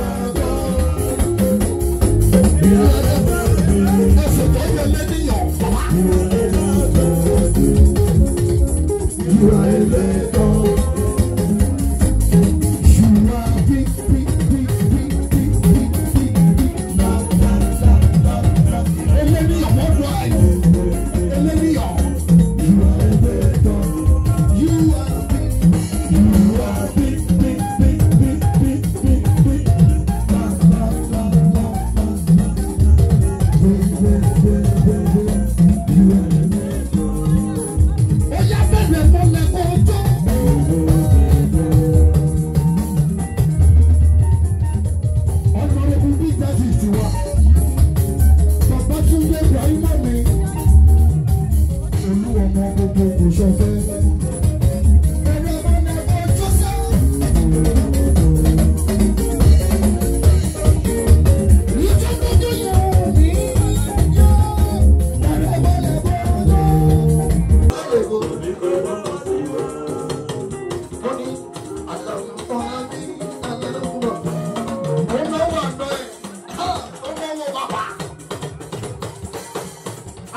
Thank you.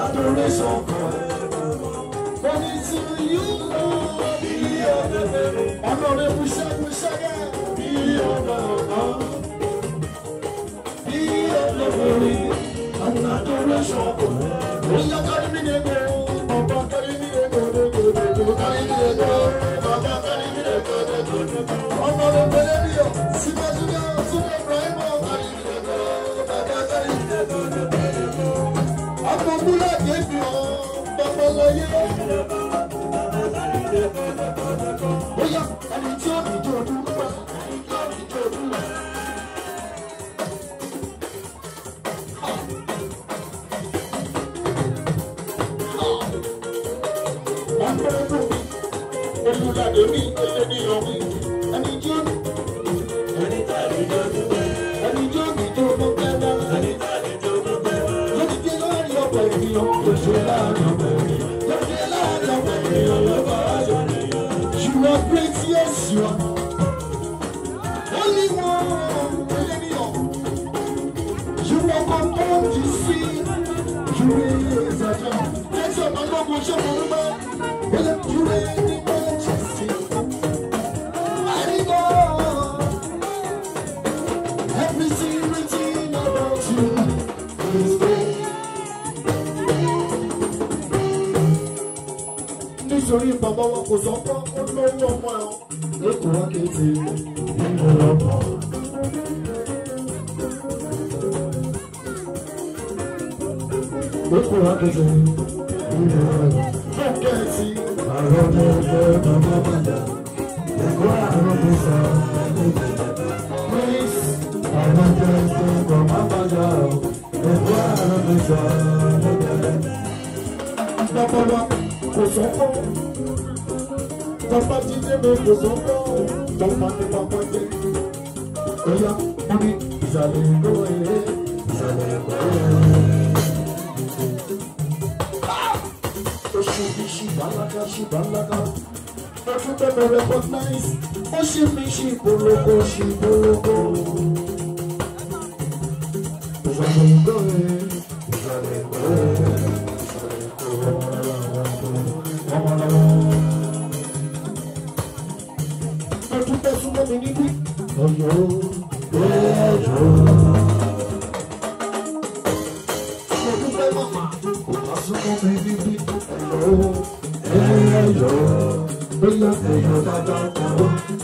adoration come. But it's to you, Lord, be honored. Honorable Shagun Shagun, be honored. Be honored, and adoration come. Oya kari mi ne go. ẹgbẹ́ ní ọmọ ẹni tí ó ní. ẹni tàbí tó dúpẹ́. ẹni tí ó ní tó dúpẹ́ náà. ẹni tàbí tó dúpẹ́ náà. lórí bí láàrin ọ̀pọ̀ ènìyàn kò ṣe láàrin ọ̀pọ̀ ènìyàn. lórí láàrin ọ̀pọ̀ ènìyàn ló bá a lọ nìyàn. You are great, yes you are. Only one millennium. You are confirmed to my God, we'll show you. You nítorí bàbá wa kò sọ pé ó lówó ọmọ ẹ̀ lẹ́kọ̀ọ́ wá kéde nínú ọmọ. lẹ́kọ̀ọ́ wá kéde nínú ọmọ. lọ́kẹ́ ti àrọ́ mi ọjọ́ bàbá bàdà ẹ̀kọ́ àrọ́ mi sọ àwọn jẹ́ ìṣègùn máa bá yà ọ́ ẹ̀kọ́ àrọ́ mi sọ ọ́ lọ́kẹ́ kò sọ́kọ́. Bàbá ti dé mi kò sọ́kọ́. Bàbá ti bàbá dé. Oya mo ní ìsàlẹ̀ ìgbó ilé. Ìsàlẹ̀ ìgbó ilé. Oṣù mi ṣì bàlágà ṣì bàlágà. Oṣù bẹ̀rẹ̀ recognize. Oṣù mi ṣì polówó ṣì polówó. Ìsàlẹ̀ ìgbó ilé.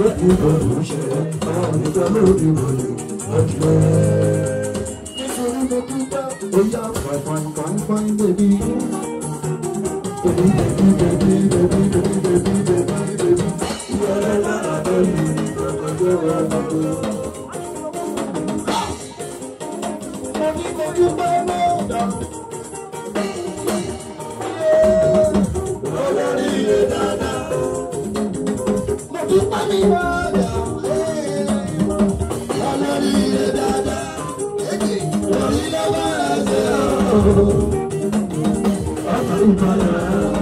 Thank you for the share. I'm the family money. But yeah. Oh yeah, fine, fine, fine, fine, baby. Baby, baby, baby, baby, baby, baby, baby, baby. Yeah, la la la, baby. Yeah, la la la. mi. Olórí ilé dáadáa, èjì lórí ilé bá rẹ̀ ṣe ọ̀. Ọ̀sán ìbálẹ̀ rẹ̀.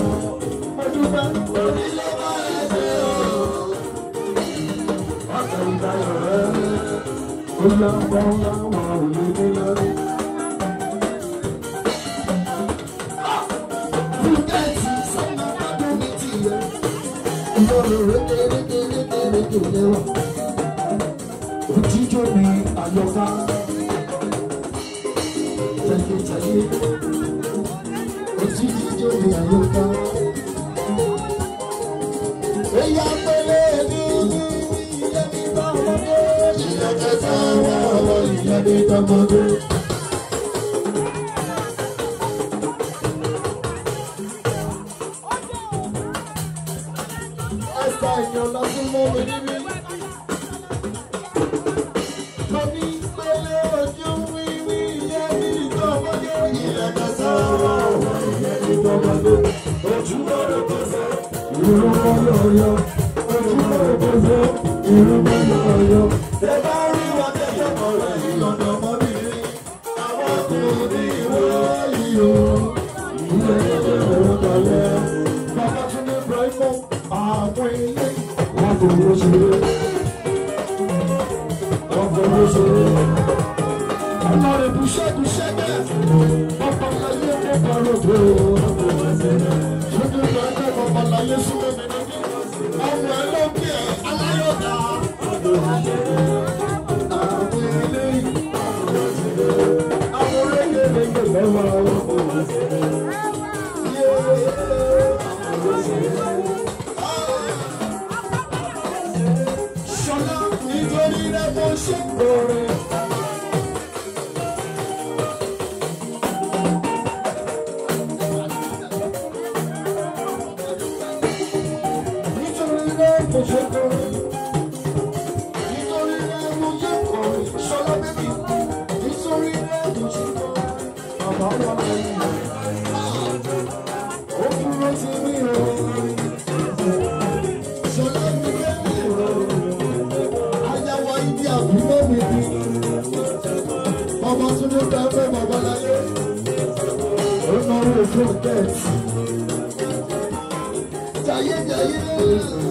Olùlàwọ̀ olùlàwọ̀ olùlẹ̀ lọ. Fúnkẹ́ ti sọ́nà bá dùn ní tiẹ̀. Ìjọba rẹ̀ òjò yẹn rọ̀ òjíjó ni àyọká tẹ̀létẹ̀lé òjíjó ni àyọká. Eya pele ni ilé mi bá ọmọdé. Ìyá kẹta wà wọ ìyá mi bá lọ sí mú mi níbí. mo ní pẹ̀lẹ́ ojú wíwí iye ní ìtọ́mọdé. ilẹ̀ kẹsàn án wà wọ iye ní ìtọ́mọdé. ojú ọ̀rọ̀ kẹsàn. ìrúbọ yọ̀ọ̀yọ̀ ojú ọ̀rọ̀ kẹsàn. ìrúbọ yọ̀ọ̀yọ̀. ṣẹ́gun ṣẹ́gbẹ́ ọ̀pọ̀ ayé ó parọ́ bẹ́ẹ̀. mo ṣe kọrin. Nítorí rẹ̀ mo ṣe mi o. Ṣọlá mi bébì o. Ayáwó ibi àbúrò mi ni. Bàbá Túndé bá fẹ́ bàbá láyé. Ó náwó fún tẹ́ẹ̀tì. Jayé jayé.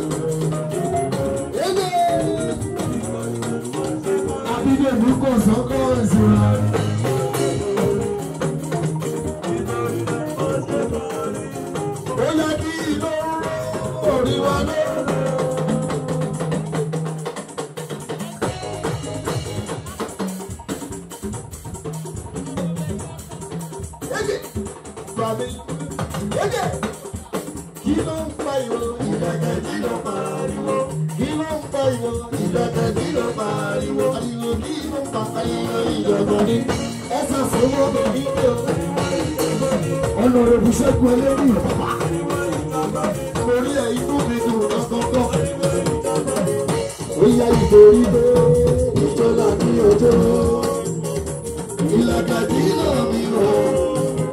Hallelujah,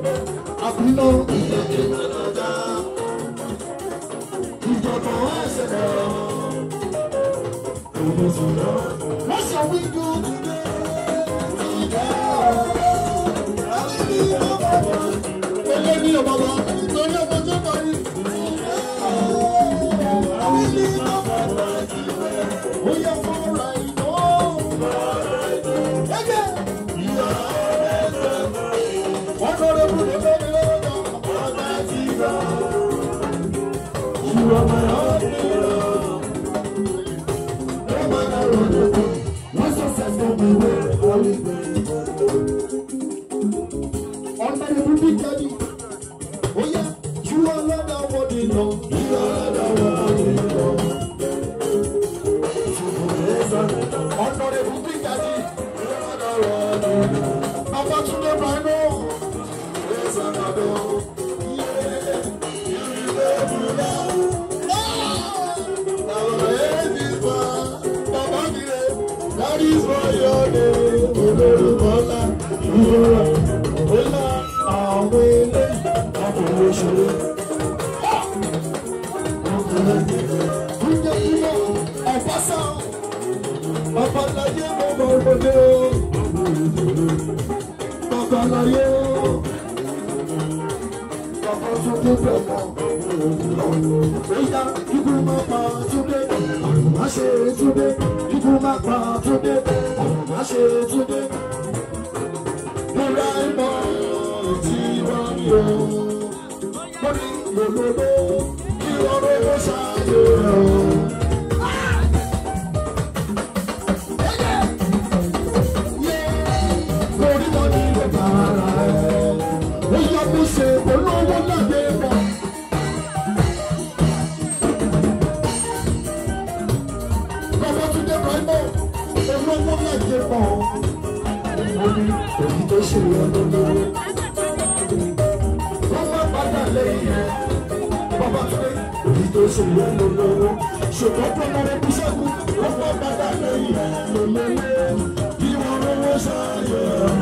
Baba. Hallelujah, Baba. Rama àwọn ilé àkùnrin òṣèré. Ǹjẹ́ ilé ọ̀pásá babaláyé mo mọ òde o. Babaláyé o. Bàbá Túndé bẹ̀ mọ́. Ìyá ikú máa pa Túndé. Ọ̀rùn máa ṣe Túndé. Ikú máa pa Túndé. Ọ̀rùn máa ṣe Túndé. Bùrẹ́ mọ́ lòdò mo ní mo lòdò kí ọ̀rọ̀ mo ṣàlè rẹ̀ o. Orí mo ní lè bàrà ẹ̀, ó yọ kó ṣe olówó lábẹ́ bọ̀. Bàbá tún dé bàá ṣòwò lòlòwò ṣùgbọ́n tó lọ́rọ̀ bí sẹ́kù ó pọ̀ padà lẹ́yìn lòlòwò kí wọ́n rówó sáyẹ̀.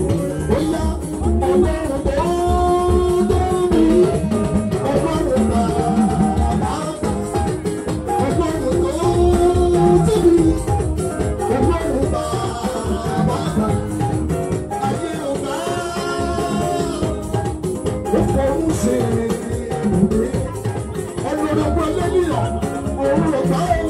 Thank you.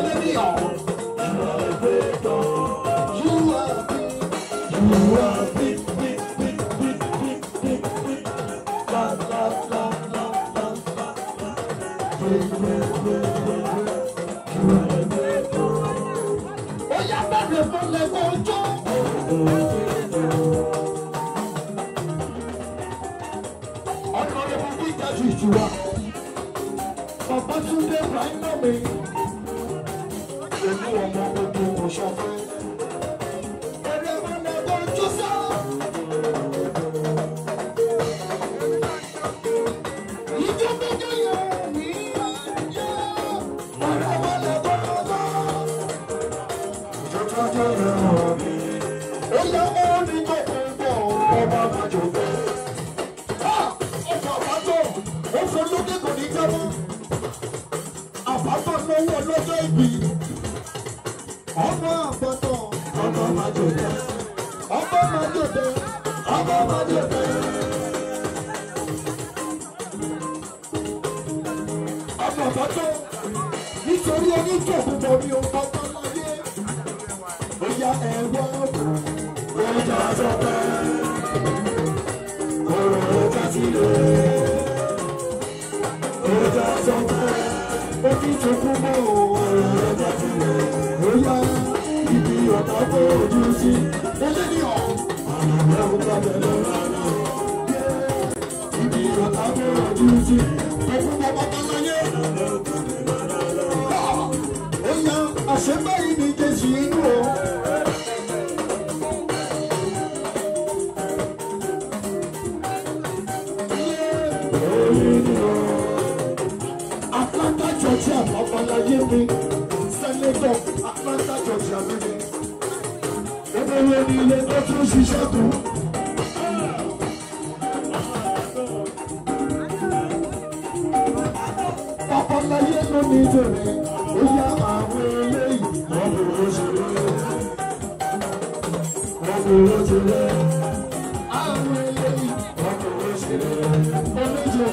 Oh yeah, Oya bẹ̀rẹ̀ fún lẹ́gbọ̀n ọjọ́. tó kúkọ ní ọkọ tọ́láyé. Bóyá ẹ wá ibi ọ̀tá kó ojú sí. Délé ní bọ̀ bọ̀ tọ́láyé. Atlanta Georgia babaláyé mi sẹ́nẹ́tọ̀ Atlanta Georgia mi ni owó ní ilé tó tún ṣiṣẹ́ tó. Babaláyé ló ní ìdòrè ó yá àwọn eléyìí wọ́n kò lóṣèlú wọ́n kò lóṣèlú.